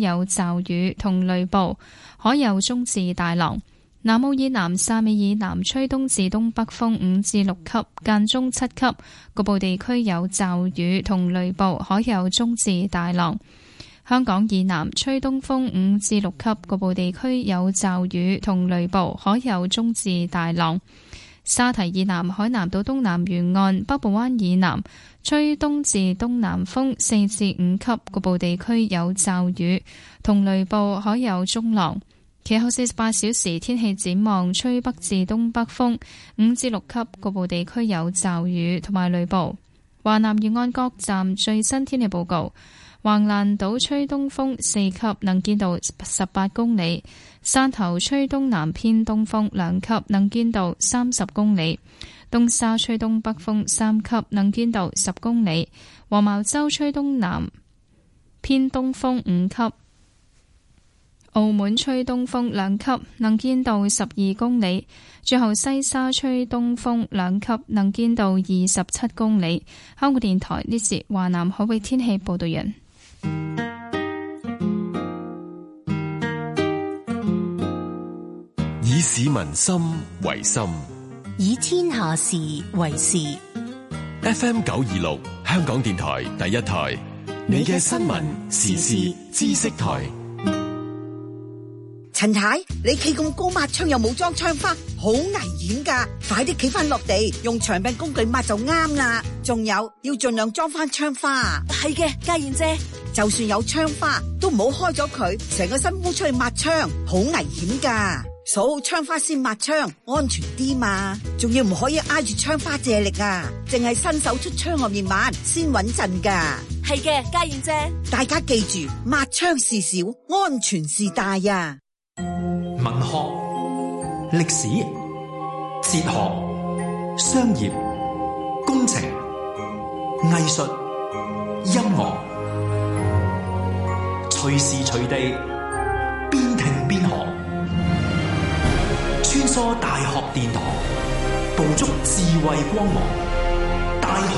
有驟雨同雷暴，海有中至大浪。南澳以南、汕尾以南吹東至東北風五至六級間中七級，局部地區有驟雨同雷暴，海有中至大浪。香港以南吹東風五至六級，局部地區有驟雨同雷暴，海有中至大浪。沙堤以南海南島東南沿岸、北部灣以南。吹東至東南風四至五級，局部地區有驟雨同雷暴，海有中浪。其後四十八小時天氣展望：吹北至東北風五至六級，局部地區有驟雨同埋雷暴。華南沿岸各站最新天氣報告：橫瀾島吹東風四級，能見度十八公里。汕頭吹東南偏東風兩級，能見度三十公里；東沙吹東北風三級，能見度十公里；黃茅洲吹東南偏東風五級；澳門吹東風兩級，能見度十二公里；最後西沙吹東風兩級，能見度二十七公里。香港電台呢時華南海域天氣報道人。市民心為心，以天下事為事。FM 九二六，香港電台第一台，你嘅新聞時事知識台。陳太，你企咁高抹窗又冇裝窗花，好危險噶！快啲企翻落地，用長柄工具抹就啱啦。仲有要盡量裝翻窗花。係嘅，家燕姐，就算有窗花都唔好開咗佢，成個身烏出去抹窗，好危險噶。數槍花先抹槍，安全啲嘛？仲要唔可以挨住槍花借力啊？淨係伸手出槍外面抹，先穩陣噶。係嘅，嘉燕姐，大家記住，抹槍事小，安全事大啊！文學、歷史、哲學、商業、工程、藝術、音樂，隨時隨地。多大學殿堂，捕捉智慧光芒。大學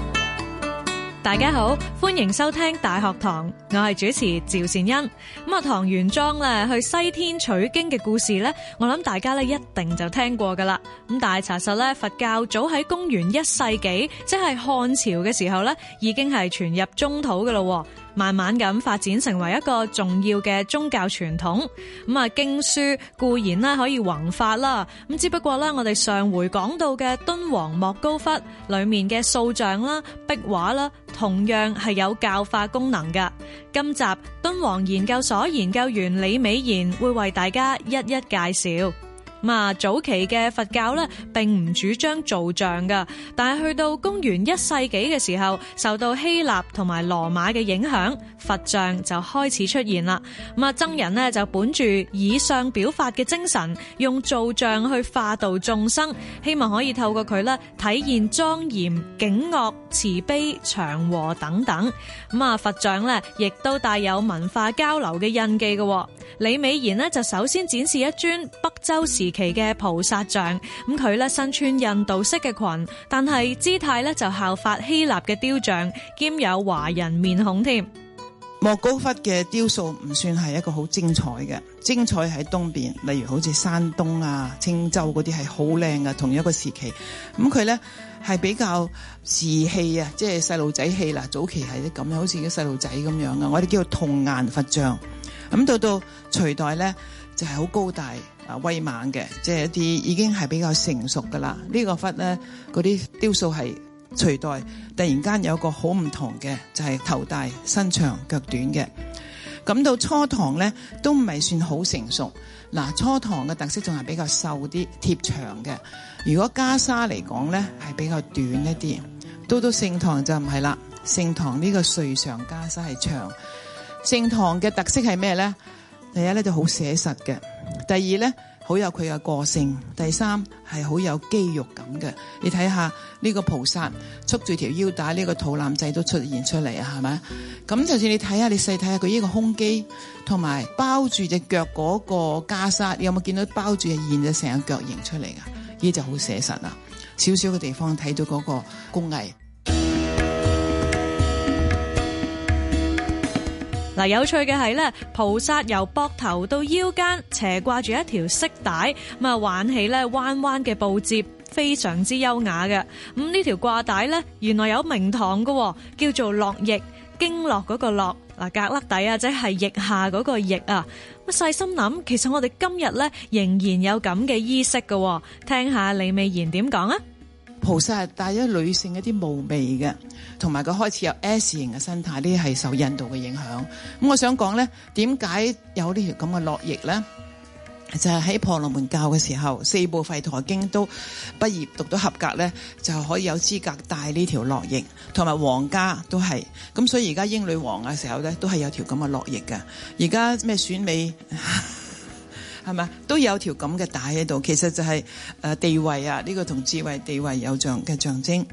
堂，大家好，歡迎收聽大學堂，我係主持趙善恩。咁啊，唐玄奘咧去西天取經嘅故事咧，我諗大家咧一定就聽過噶啦。咁但係查實咧，佛教早喺公元一世紀，即係漢朝嘅時候咧，已經係傳入中土噶啦。慢慢咁發展成為一個重要嘅宗教傳統，咁啊經書固然啦可以弘法啦，咁只不過咧我哋上回講到嘅敦煌莫高窟裏面嘅塑像啦、壁畫啦，同樣係有教化功能嘅。今集敦煌研究所研究員李美賢會為大家一一介紹。咁啊，早期嘅佛教咧，並唔主張造像噶，但係去到公元一世紀嘅時候，受到希臘同埋羅馬嘅影響，佛像就開始出現啦。咁啊，僧人咧就本住以相表法嘅精神，用造像去化度眾生，希望可以透過佢咧體現莊嚴、警惡、慈悲、祥和等等。咁啊，佛像咧亦都帶有文化交流嘅印記噶。李美賢咧就首先展示一尊北周時。其嘅菩薩像，咁佢咧身穿印度式嘅裙，但係姿態咧就效法希臘嘅雕像，兼有華人面孔添。莫高窟嘅雕塑唔算係一個好精彩嘅，精彩喺東邊，例如好似山東啊、青州嗰啲係好靚啊。同一個時期，咁佢咧係比較稚氣啊，即係細路仔氣啦。早期係啲咁樣，好似啲細路仔咁樣噶，我哋叫童顏佛像。咁到到隋代咧就係好高大。啊威猛嘅，即係一啲已經係比較成熟㗎啦。這個、呢個窟咧，嗰啲雕塑係隋代，突然間有一個好唔同嘅，就係、是、頭大身長腳短嘅。咁到初唐咧，都唔係算好成熟。嗱，初唐嘅特色仲係比較瘦啲、貼長嘅。如果袈裟嚟講咧，係比較短一啲。到到盛唐就唔係啦，盛唐呢個隋上袈裟係長。盛唐嘅特色係咩咧？第一咧就好寫實嘅，第二咧好有佢嘅個性，第三係好有肌肉感嘅。你睇下呢個菩薩束住條腰帶，呢、這個肚腩仔都出現出嚟啊，係咪？咁就算你睇下，你細睇下佢呢個胸肌同埋包住隻腳嗰個袈裟，你有冇見到包住現咗成個腳形出嚟㗎？呢就好寫實啦，少少嘅地方睇到嗰個工藝。嗱，有趣嘅係咧，菩薩由膊頭到腰間斜掛住一條色帶，咁啊挽起咧彎彎嘅布折，非常之優雅嘅。咁呢條掛帶咧，原來有名堂噶，叫做絡腋經絡嗰個絡嗱，胳肋底啊，即係腋下嗰個腋啊。咁細心諗，其實我哋今日咧仍然有咁嘅衣飾噶。聽下李美賢點講啊！菩薩係帶咗女性一啲嫵媚嘅，同埋佢開始有 S 型嘅身態，呢啲係受印度嘅影響。咁我想講咧，點解有這條這呢條咁嘅落翼咧？就係、是、喺婆羅門教嘅時候，四部吠陀經都畢業讀到合格咧，就可以有資格帶呢條落翼。同埋皇家都係咁，所以而家英女王嘅時候咧，都係有條咁嘅落翼嘅。而家咩選美？ 係咪？都有條咁嘅帶喺度，其實就係誒地位啊，呢個同智慧地位有象嘅象徵。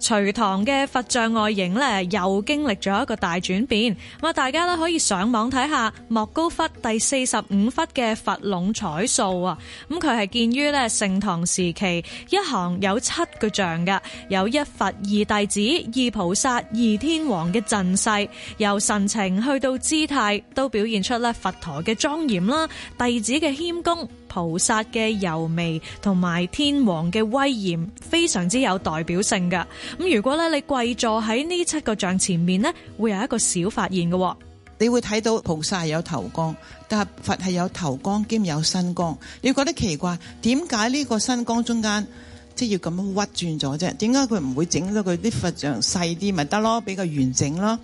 隋唐嘅佛像外形咧，又經歷咗一個大轉變。咁大家可以上網睇下莫高窟第四十五窟嘅佛龍彩塑。啊。咁佢係建於咧盛唐時期，一行有七個像㗎，有一佛二弟子二菩薩二天王嘅陣勢，由神情去到姿態，都表現出咧佛陀嘅莊嚴啦，弟子嘅謙恭。菩薩嘅柔媚同埋天王嘅威嚴非常之有代表性噶咁如果咧你跪坐喺呢七個像前面呢，會有一個小發現嘅。你會睇到菩薩係有頭光，但係佛係有頭光兼有身光。你會覺得奇怪，點解呢個身光中間即係要咁樣屈轉咗啫？點解佢唔會整到佢啲佛像細啲咪得咯？比較完整咯。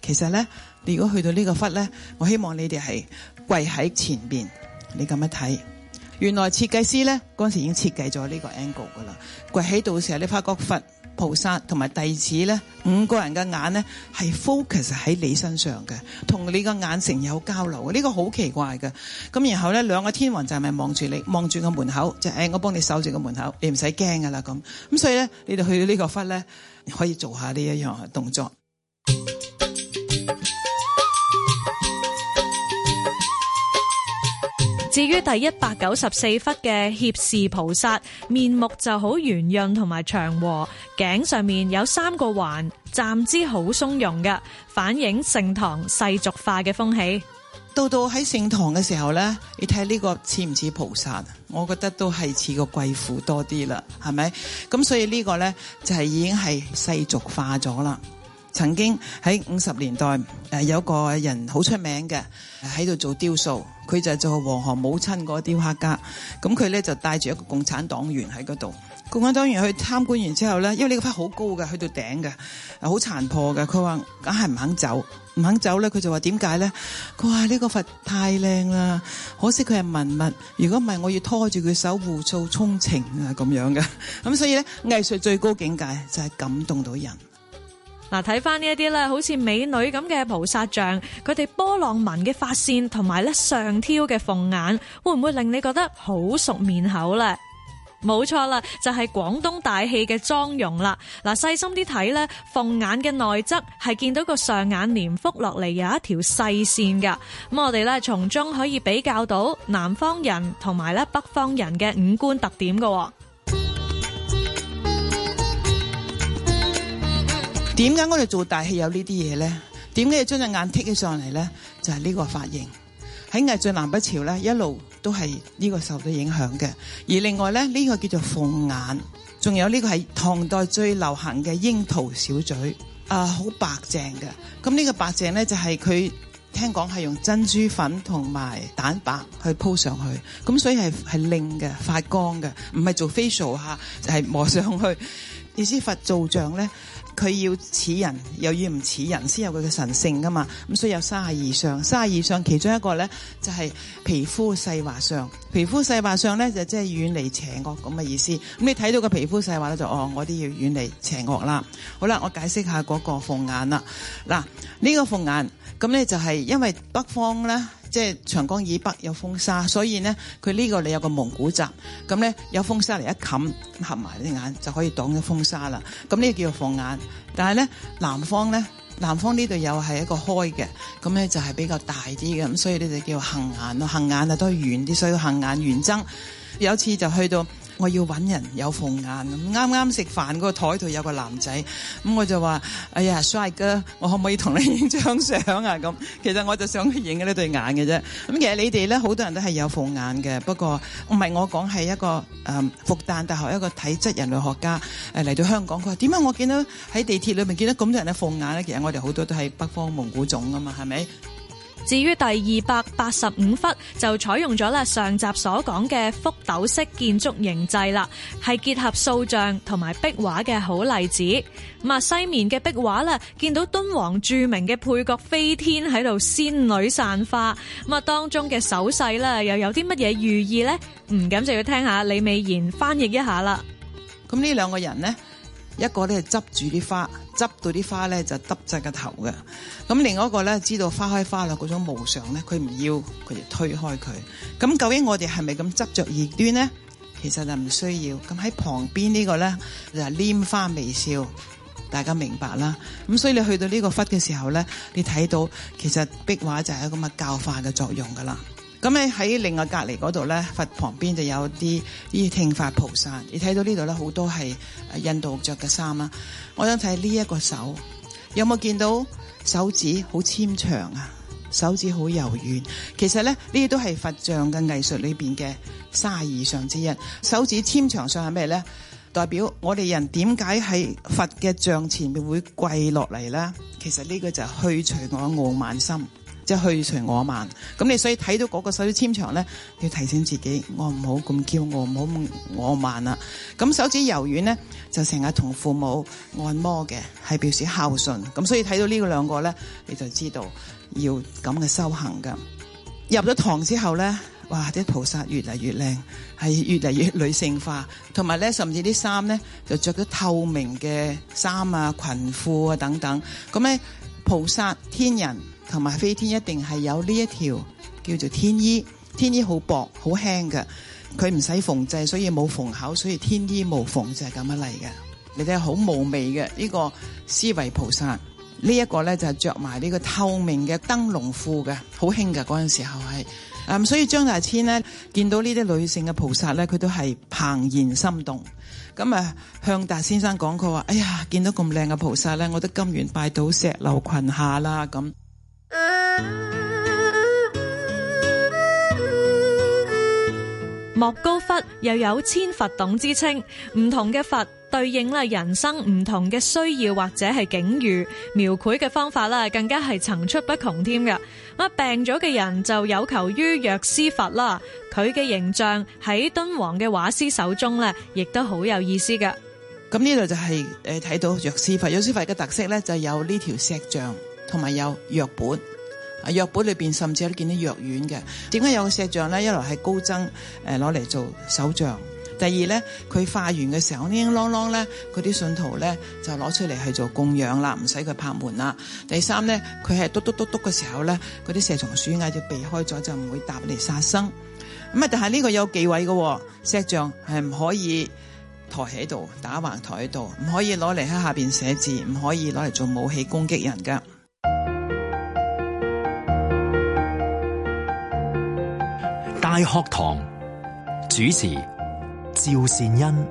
其實呢，你如果去到呢個佛呢，我希望你哋係跪喺前面，你咁樣睇。原來設計師咧嗰時已經設計咗呢個 angle 噶啦，跪喺度時候你發覺佛菩薩同埋弟子咧五個人嘅眼咧係 focus 喺你身上嘅，同你個眼神有交流嘅。呢、這個好奇怪嘅。咁然後咧兩個天王就係咪望住你，望住個門口，就係、是、誒我幫你守住個門口，你唔使驚噶啦咁。咁所以咧，你就去到這個呢個窟咧，可以做下呢一樣動作。至於第一百九十四窟嘅脅侍菩薩，面目就好圓潤同埋祥和，頸上面有三個環，站姿好鬆容嘅，反映盛唐世俗化嘅風氣。到到喺盛唐嘅時候呢，你睇呢個似唔似菩薩？我覺得都係似個貴婦多啲啦，係咪？咁所以呢個呢，就係已經係世俗化咗啦。曾經喺五十年代，誒有個人好出名嘅喺度做雕塑。佢就做黃河母親嗰啲畫家，咁佢咧就帶住一個共產黨員喺嗰度。共產黨員去參觀完之後咧，因為呢個佛好高嘅，去到頂嘅，好殘破嘅。佢話梗係唔肯走，唔肯走咧，佢就話點解咧？佢話呢個佛太靚啦，可惜佢係文物，如果唔係，我要拖住佢手互訴衷情啊，咁樣嘅咁，所以咧藝術最高境界就係感動到人。嗱，睇翻呢一啲咧，好似美女咁嘅菩薩像，佢哋波浪紋嘅髮線同埋咧上挑嘅鳳眼，會唔會令你覺得好熟面口呢？冇錯啦，就係廣東大戲嘅妝容啦。嗱，細心啲睇咧，鳳眼嘅內側係見到個上眼簾覆落嚟有一條細線㗎。咁我哋咧從中可以比較到南方人同埋咧北方人嘅五官特點嘅喎。點解我哋做大戲有呢啲嘢呢？點解要將隻眼剔起上嚟呢？就係、是、呢個髮型喺魏晉南北朝呢，一路都係呢個受到影響嘅。而另外呢，呢、這個叫做鳳眼，仲有呢個係唐代最流行嘅櫻桃小嘴啊，好白淨嘅。咁呢個白淨呢，就係、是、佢聽講係用珍珠粉同埋蛋白去鋪上去，咁所以係係靚嘅發光嘅，唔係做 facial 吓，就係磨上去意思。佛造像呢。佢要似人，又要唔似人，先有佢嘅神性噶嘛。咁所以有三十二相，三十二相其中一個呢，就係皮膚細滑相。皮膚細滑相呢，就即係遠離邪惡咁嘅意思。咁你睇到個皮膚細滑咧，就哦，我都要遠離邪惡啦。好啦，我解釋下嗰個鳳眼啦。嗱，呢個鳳眼咁呢，就係因為北方呢。即係長江以北有風沙，所以咧佢呢個你有個蒙古褶，咁咧有風沙嚟一冚合埋啲隻眼就可以擋咗風沙啦。咁呢個叫做放眼。但係咧南方咧，南方呢度又係一個開嘅，咁咧就係比較大啲嘅，咁所以呢就叫杏眼咯。杏眼啊都係圓啲，所以杏眼，眼，眼圓睜。有一次就去到。我要揾人有鳳眼咁，啱啱食飯個台度有個男仔咁，我就話：哎呀，帥哥，我可唔可以同你影張相啊？咁其實我就想去影嘅呢對眼嘅啫。咁其實你哋咧好多人都係有鳳眼嘅，不過唔係我講係一個誒復旦大學一個體質人類學家誒嚟到香港，佢話點解我見到喺地鐵裏面見到咁多人嘅鳳眼咧？其實我哋好多都係北方蒙古種啊嘛，係咪？至於第二百八十五窟就採用咗咧上集所講嘅覆斗式建築形制啦，係結合塑像同埋壁畫嘅好例子。咁啊，西面嘅壁畫咧，見到敦煌著名嘅配角飛天喺度仙女散花，咁啊當中嘅手勢咧又有啲乜嘢寓意呢？唔敢就要聽下李美賢翻譯一下啦。咁呢兩個人呢？一個咧執住啲花，執到啲花咧就耷曬個頭嘅。咁另外一個咧知道花開花落嗰種無常咧，佢唔要佢就推開佢。咁究竟我哋係咪咁執着二端咧？其實就唔需要。咁喺旁邊呢個咧就係拈花微笑，大家明白啦。咁所以你去到呢個窟嘅時候咧，你睇到其實壁畫就係一個咁嘅教化嘅作用噶啦。咁咧喺另外隔離嗰度咧，佛旁邊就有啲依聽法菩薩。你睇到呢度咧，好多係印度着嘅衫啦。我想睇呢一個手，有冇見到手指好纖長啊？手指好柔軟。其實咧，呢啲都係佛像嘅藝術裏面嘅卅二相之一。手指纖長上係咩咧？代表我哋人點解喺佛嘅像前會跪落嚟咧？其實呢個就係去除我傲慢心。即係去除我慢咁，你所以睇到嗰個手指纖長咧，要提醒自己，我唔好咁驕傲，唔好我慢啦。咁手指柔軟咧，就成日同父母按摩嘅，係表示孝順，咁所以睇到呢個兩個咧，你就知道要咁嘅修行噶。入咗堂之後咧，哇！啲菩薩越嚟越靚，係越嚟越女性化，同埋咧甚至啲衫咧就着咗透明嘅衫啊、裙褲啊等等。咁咧，菩薩天人。同埋飛天一定係有呢一條叫做天衣，天衣好薄好輕嘅，佢唔使縫製，所以冇縫口，所以天衣無縫就係咁樣嚟嘅。你睇好冇味嘅呢個思維菩薩，呢一個呢，就係着埋呢個透明嘅燈籠褲嘅，好輕嘅嗰陣時候係，咁所以張大千呢，見到呢啲女性嘅菩薩呢，佢都係怦然心動，咁啊向達先生講佢話：哎呀，見到咁靚嘅菩薩呢，我都甘願拜倒石榴裙下啦咁。莫高窟又有千佛洞之稱，唔同嘅佛對應啦人生唔同嘅需要或者係境遇，描繪嘅方法啦，更加係層出不窮添嘅。咁病咗嘅人就有求於藥師佛啦，佢嘅形象喺敦煌嘅畫師手中咧，亦都好有意思嘅。咁呢度就係誒睇到藥師佛，藥師佛嘅特色咧就係有呢條石像，同埋有藥本。啊，藥本裏面甚至都見到藥丸嘅。點解有個石像咧？一來係高僧，誒攞嚟做手像；第二咧，佢化完嘅時候，鯪鯪鯪呢叮叮啷啷咧，嗰啲信徒咧就攞出嚟去做供養啦，唔使佢拍門啦。第三咧，佢係嘟嘟嘟嘟嘅時候咧，嗰啲蛇蟲鼠蟻就避開咗，就唔會踏嚟殺生。咁啊，但係呢個有忌諱嘅喎，石像係唔可以抬喺度打橫抬喺度，唔可以攞嚟喺下面寫字，唔可以攞嚟做武器攻擊人噶。大學堂主持趙善恩，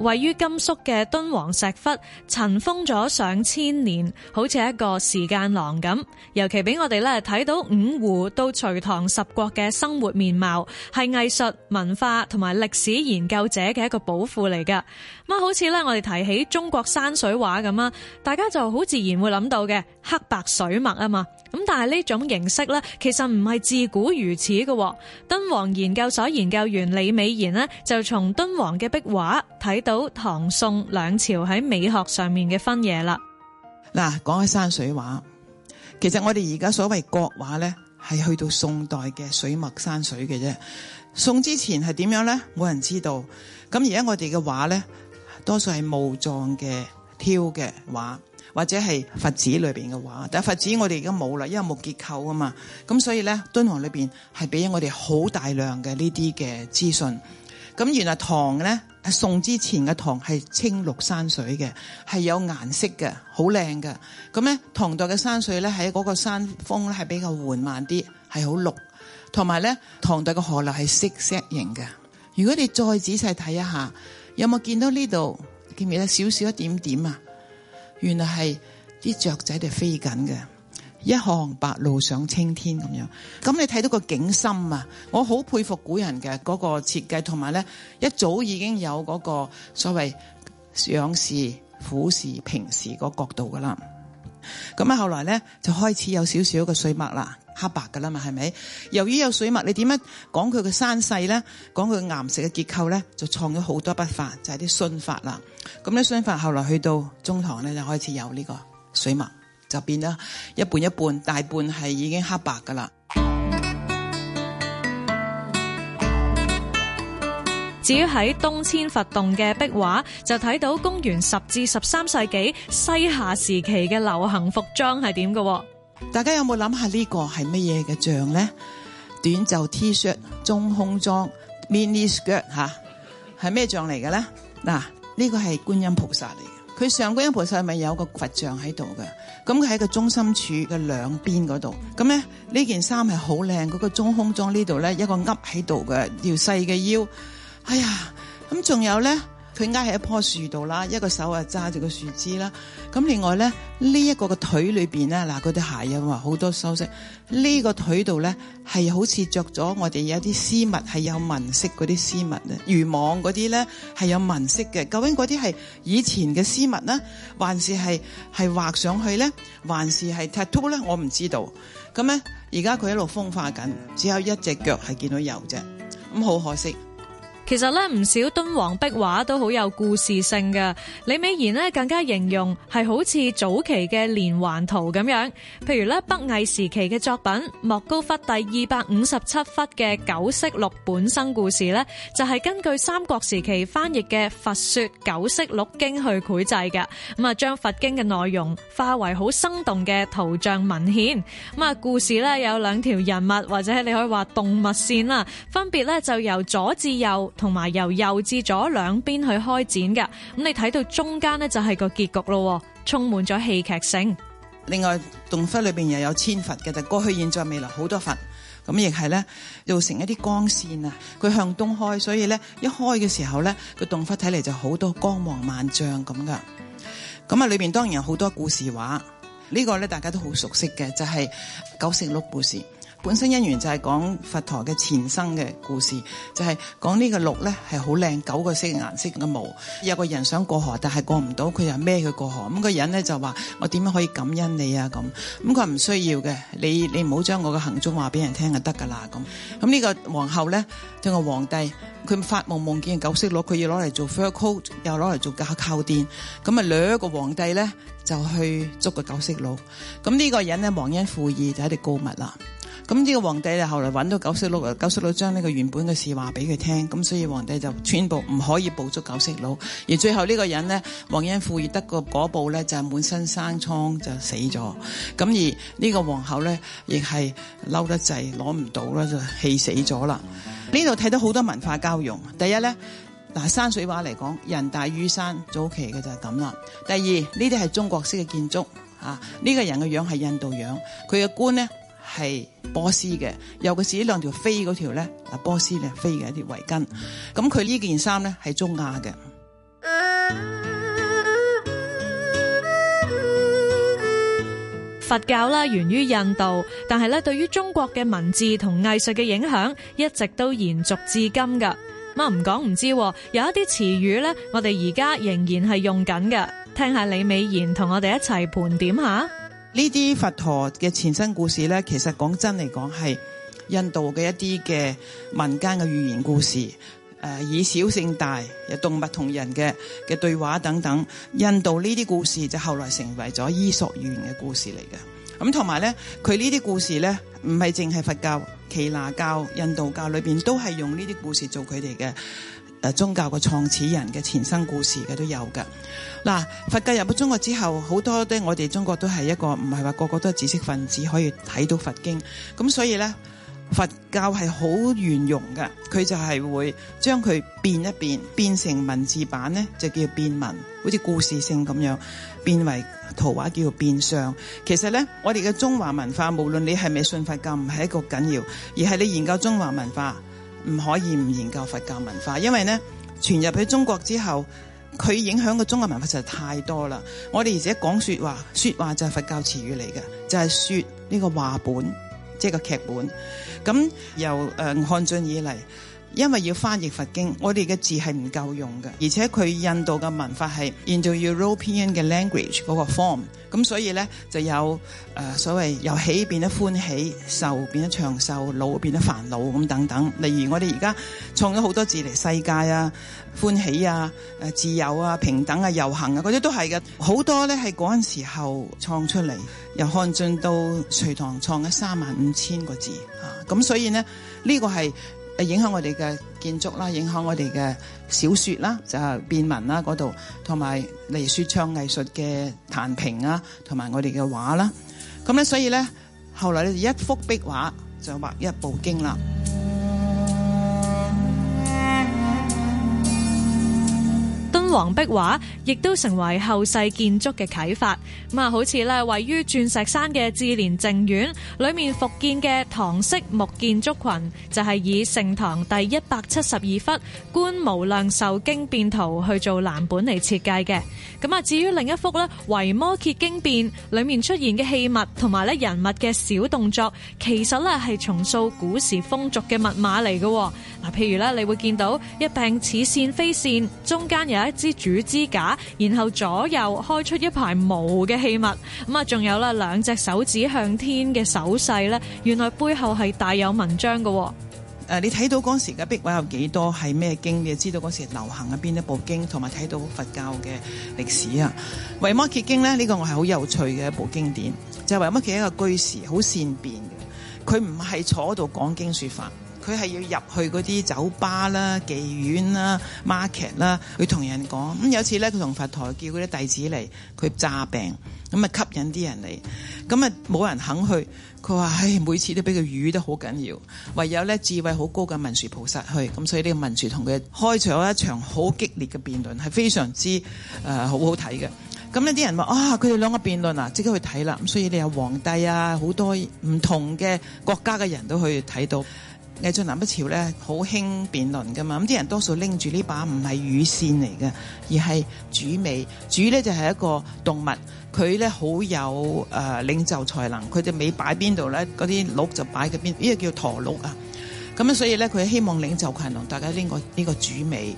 位於甘肅嘅敦煌石窟，塵封咗上千年，好似一個時間廊咁。尤其俾我哋咧睇到五胡到隋唐十國嘅生活面貌，係藝術文化同埋歷史研究者嘅一個寶庫嚟噶。咁好似咧我哋提起中國山水畫咁啊，大家就好自然會諗到嘅黑白水墨啊嘛。咁但係呢種形式咧，其實唔係自古如此嘅。敦煌研究所研究員李美賢呢，就從敦煌嘅壁畫睇到唐宋兩朝喺美學上面嘅分野啦。嗱，講開山水畫，其實我哋而家所謂國畫呢，係去到宋代嘅水墨山水嘅啫。宋之前係點樣呢？冇人知道。咁而家我哋嘅畫呢，多數係墓葬嘅挑嘅畫。或者係佛寺裏邊嘅話，但係佛寺我哋而家冇啦，因為冇結構啊嘛。咁所以咧，敦煌裏邊係俾咗我哋好大量嘅呢啲嘅資訊。咁原來唐咧，宋之前嘅唐係青綠山水嘅，係有顏色嘅，好靚嘅。咁咧，唐代嘅山水咧，喺嗰個山峰咧係比較緩慢啲，係好綠。同埋咧，唐代嘅河流係色石型嘅。如果你再仔細睇一下，有冇見到呢度見唔見得少少一點點啊？原來係啲雀仔喺度飛緊嘅，一行白鷺上青天咁樣。咁你睇到個景深啊，我好佩服古人嘅嗰個設計，同埋咧一早已經有嗰個所謂仰視、俯視、平視個角度噶啦。咁啊，後來咧就開始有少少嘅水墨啦。黑白噶啦嘛，係咪？由於有水墨，你點樣講佢嘅山勢咧，講佢岩石嘅結構咧，就創咗好多筆法，就係、是、啲皴法啦。咁咧，皴法後來去到中唐咧，就開始有呢個水墨，就變咗一半一半，大半係已經黑白噶啦。至於喺東遷佛洞嘅壁畫，就睇到公元十至十三世紀西夏時期嘅流行服裝係點嘅。大家有冇諗下呢個係乜嘢嘅像咧？短袖 T 恤、中空裝、mini skirt 吓，係咩像嚟嘅咧？嗱，呢個係觀音菩薩嚟嘅。佢上觀音菩薩係咪有一個佛像喺度嘅？咁佢喺個中心柱嘅兩邊嗰度。咁咧，呢件衫係好靚，嗰個中空裝呢度咧，一個鈇喺度嘅，條細嘅腰。哎呀，咁仲有咧。佢挨喺一棵樹度啦，一個手啊揸住個樹枝啦。咁另外咧，呢一個個腿裏面咧，嗱嗰啲鞋印話好多修飾。呢個腿度咧係好似着咗我哋有一啲絲襪，係有紋飾嗰啲絲襪，嘅魚網嗰啲咧係有紋飾嘅。究竟嗰啲係以前嘅絲襪呢，還是係係畫上去咧，還是係 tattoo 咧？我唔知道。咁咧而家佢一路風化緊，只有一隻腳係見到有啫。咁好可惜。其實咧唔少敦煌壁畫都好有故事性嘅。李美賢呢更加形容係好似早期嘅連環圖咁樣。譬如咧北魏時期嘅作品莫高窟第二百五十七窟嘅《九色鹿本生故事》咧，就係、是、根據三國時期翻譯嘅《佛說九色鹿經》去繪製嘅。咁啊，將佛經嘅內容化為好生動嘅圖像文獻。咁啊，故事咧有兩條人物或者係你可以話動物線啦，分別咧就由左至右。同埋由右至左兩邊去開展㗎。咁你睇到中間呢，就係個結局咯，充滿咗戲劇性。另外洞窟裏邊又有千佛嘅，就過去、現在、未來好多佛，咁亦係咧造成一啲光線啊。佢向東開，所以咧一開嘅時候咧，個洞窟睇嚟就好多光芒萬丈咁噶。咁啊，裏邊當然有好多故事畫，呢個咧大家都好熟悉嘅，就係九色鹿故事。本身因緣就係講佛陀嘅前生嘅故事，就係講呢個鹿咧係好靚，九個色嘅顏色嘅毛。有個人想過河，但係過唔到，佢又孭佢過河。咁個人咧就話：我點樣可以感恩你啊？咁咁佢唔需要嘅，你你唔好將我嘅行蹤話俾人聽就得噶啦。咁咁呢個皇后咧，即係個皇帝，佢發夢夢見九色鹿，佢要攞嚟做 fur coat，又攞嚟做架靠墊。咁啊，兩個皇帝咧就去捉個九色鹿。咁呢個人咧忘恩負義，就喺度告密啦。咁、這、呢個皇帝就後來揾到九色鹿，啊！九色鹿將呢個原本嘅事話俾佢聽，咁所以皇帝就全部唔可以捕捉九色鹿。而最後呢個人呢，忘恩負義，得個嗰步咧就係滿身生瘡就死咗。咁而呢個皇后咧亦係嬲得滯，攞唔到啦就氣死咗啦。呢度睇到好多文化交融。第一咧，嗱山水畫嚟講，人大於山，早期嘅就係咁啦。第二呢啲係中國式嘅建築，啊、這、呢個人嘅樣係印度樣，佢嘅官呢。係波斯嘅，有佢自己兩條飛嗰條咧，啊波斯咧飛嘅一條圍巾。咁佢呢件衫咧係中亞嘅。佛教啦源於印度，但係咧對於中國嘅文字同藝術嘅影響，一直都延續至今噶。乜唔講唔知，有一啲詞語咧，我哋而家仍然係用緊嘅。聽下李美賢同我哋一齊盤點下。呢啲佛陀嘅前身故事咧，其實講真嚟講係印度嘅一啲嘅民間嘅寓言故事，誒以小勝大，有動物同人嘅嘅對話等等。印度呢啲故事就後來成為咗伊索寓言嘅故事嚟嘅。咁同埋咧，佢呢啲故事咧，唔係淨係佛教、耆那教、印度教裏面都係用呢啲故事做佢哋嘅宗教嘅創始人嘅前生故事嘅都有㗎。嗱、啊，佛教入咗中國之後，好多啲我哋中國都係一個唔係話個個都係知識分子可以睇到佛經，咁所以咧。佛教係好圓融嘅，佢就係會將佢變一變，變成文字版呢就叫變文，好似故事性咁樣變為圖畫叫做變相。其實呢，我哋嘅中華文化，無論你係咪信佛教唔係一個緊要，而係你研究中華文化唔可以唔研究佛教文化，因為呢傳入去中國之後，佢影響嘅中華文化實在太多啦。我哋而且講説話，説話就係佛教詞語嚟嘅，就係說呢個話本。即係個劇本，咁、嗯嗯、由誒漢晉以嚟。因為要翻譯佛經，我哋嘅字係唔夠用嘅，而且佢印度嘅文法係 Indo-European 嘅 language 嗰個 form 咁、呃，所以咧就有誒所謂由喜變得歡喜，受變得長壽，老變得煩老煩惱咁等等。例如我哋而家創咗好多字嚟，世界啊、歡喜啊、自由啊、平等啊、遊行啊嗰啲都係嘅，好多咧係嗰陣時候創出嚟。由漢晉到隋唐創咗三萬五千個字啊，咁所以呢，呢、這個係。誒影響我哋嘅建築啦，影響我哋嘅小說啦，就係變文啦嗰度，同埋嚟說唱藝術嘅彈評啊，同埋我哋嘅畫啦，咁咧所以咧，後來咧一幅壁畫就畫一部經啦。唐壁畫亦都成為後世建築嘅啟發，咁啊，好似咧位於鑽石山嘅志蓮淨苑裏面復建嘅唐式木建築群，就係以盛唐第一百七十二窟《觀無量壽經變圖》去做藍本嚟設計嘅。咁啊，至於另一幅咧《維摩詰經變》裏面出現嘅器物同埋咧人物嘅小動作，其實咧係重塑古時風俗嘅密碼嚟嘅。嗱，譬如咧你會見到一柄似線非線，中間有一。支主支架，然後左右開出一排毛嘅器物，咁啊，仲有啦，兩隻手指向天嘅手勢咧，原來背後係大有文章噶。誒、啊，你睇到嗰時嘅壁畫有幾多係咩經嘅？知道嗰時流行嘅邊一部經，同埋睇到佛教嘅歷史啊。維摩詰經咧，呢、呢個我係好有趣嘅一部經典，就係、維摩詰一個居士，好善變嘅，佢唔係坐喺度講經說法。佢係要入去嗰啲酒吧啦、妓院啦、market 啦，佢同人講咁有一次咧，佢同佛陀叫嗰啲弟子嚟，佢詐病咁啊，吸引啲人嚟咁啊，冇人肯去。佢話：唉，每次都俾佢魚都好緊要，唯有咧智慧好高嘅文殊菩薩去咁，所以呢個文殊同佢開咗一場好激烈嘅辯論，係非常之誒、呃、好好睇嘅。咁呢啲人話：啊，佢哋兩個辯論啊，即刻去睇啦。咁所以你有皇帝啊，好多唔同嘅國家嘅人都去睇到。魏晉南北朝咧好興辯論噶嘛，咁啲人多數拎住呢把唔係羽扇嚟嘅，而係主尾。主呢就係一個動物，佢咧好有誒領袖才能。佢隻尾擺邊度咧？嗰啲鹿就擺喺邊？呢、這個、叫駝鹿啊！咁所以咧佢希望領袖羣龍，大家拎個呢個主尾。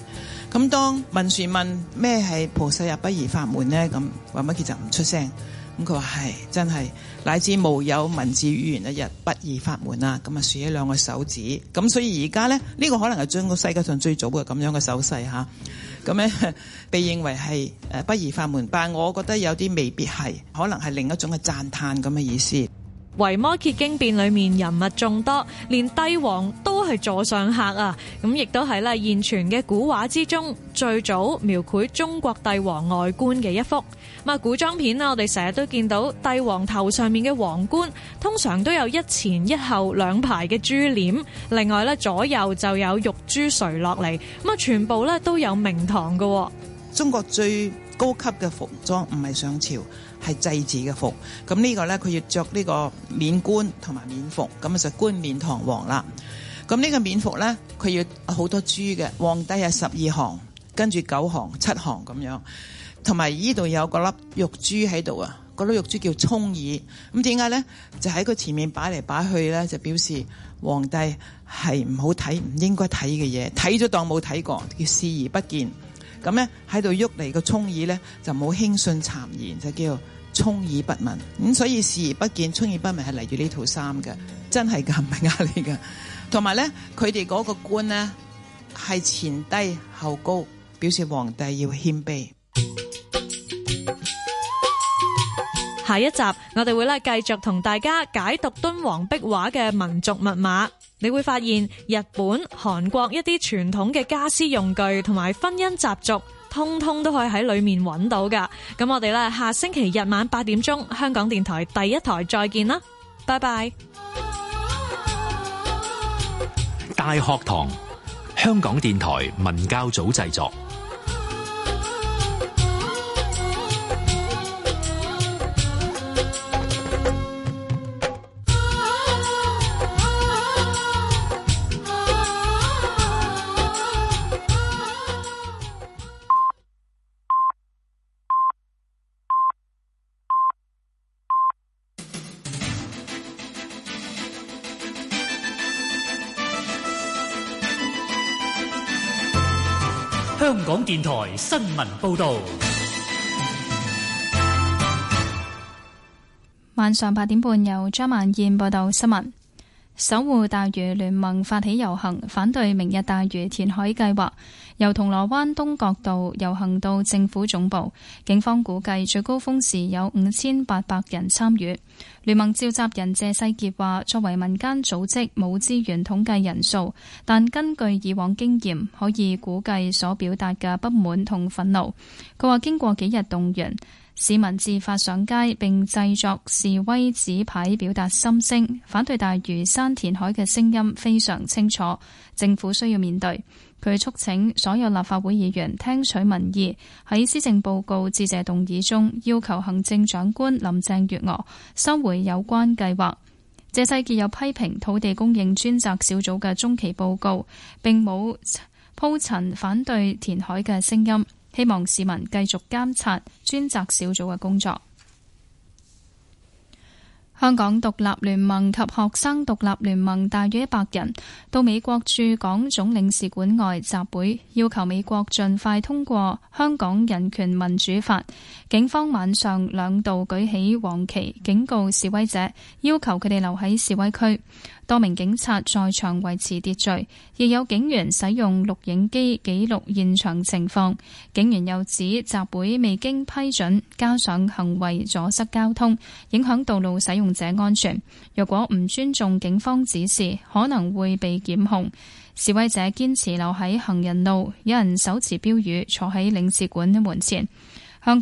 咁當文殊問咩係菩薩入不二法門咧？咁維摩詰就唔出聲。咁佢話係真係，乃至無有文字語言一日不二法門啦。咁啊，豎起兩個手指，咁所以而家咧，呢、呢個可能係將個世界上最早嘅咁樣嘅手勢吓咁咧被認為係誒不二法門，但係我覺得有啲未必係，可能係另一種嘅讚嘆咁嘅意思。《維摩詰經》經變裏面人物眾多，連帝王都。係座上客啊！咁亦都係啦，現存嘅古畫之中最早描繪中國帝王外觀嘅一幅。咁啊，古裝片啦，我哋成日都見到帝王頭上面嘅皇冠，通常都有一前一後兩排嘅珠簾，另外咧，左右就有玉珠垂落嚟。咁啊，全部咧都有名堂噶。中國最高級嘅服裝唔係上朝，係祭祀嘅服，咁呢個咧佢要着呢個冕冠同埋冕服，咁啊就冠冕堂皇啦。咁呢個冕服咧，佢要好多珠嘅。皇帝有十二行，跟住九行、七行咁樣，同埋依度有，有個粒玉珠喺度啊。個粒玉珠叫充耳，咁點解咧？就喺佢前面擺嚟擺去咧，就表示皇帝係唔好睇、唔應該睇嘅嘢，睇咗當冇睇過，叫視而不見。咁咧喺度喐嚟個充耳咧，就冇輕信讒言，就叫充耳不聞。咁所以視而不見、充耳不聞係嚟住呢套衫嘅，真係㗎，唔呃你㗎。同埋咧，佢哋嗰個冠咧係前低後高，表示皇帝要謙卑。下一集我哋會咧繼續同大家解讀敦煌壁畫嘅民族密碼。你會發現日本、韓國一啲傳統嘅家私用具同埋婚姻習俗，通通都可以喺裏面揾到㗎。咁我哋咧下星期日晚八點鐘，香港電台第一台，再見啦，拜拜。大學堂，香港電台文教組製作。新聞報道。晚上八點半，由張萬燕報道新聞。守護大嶼聯盟發起遊行，反對明日大嶼填海計劃，由銅鑼灣東角道遊行到政府總部。警方估計最高峰時有五千八百人參與。聯盟召集人謝世傑話，作為民間組織，冇資源統計人數，但根據以往經驗，可以估計所表達嘅不滿同憤怒。佢話經過幾日動員。市民自發上街，並製作示威紙牌表達心聲，反對大嶼山填海嘅聲音非常清楚。政府需要面對佢，他促請所有立法會議員聽取民意，喺施政報告致謝動議中要求行政長官林鄭月娥收回有關計劃。謝世傑又批評土地供應專責小組嘅中期報告，並冇鋪陳反對填海嘅聲音。希望市民繼續監察專責小組嘅工作。香港獨立聯盟及學生獨立聯盟大約一百人到美國駐港總領事館外集會，要求美國盡快通過香港人權民主法。警方晚上兩度舉起黃旗，警告示威者，要求佢哋留喺示威區。多名警察在場維持秩序，亦有警員使用錄影機記錄現場情況。警員又指集會未經批准，加上行為阻塞交通，影響道路使用者安全。若果唔尊重警方指示，可能會被檢控。示威者堅持留喺行人路，有人手持標語，坐喺領事館門前。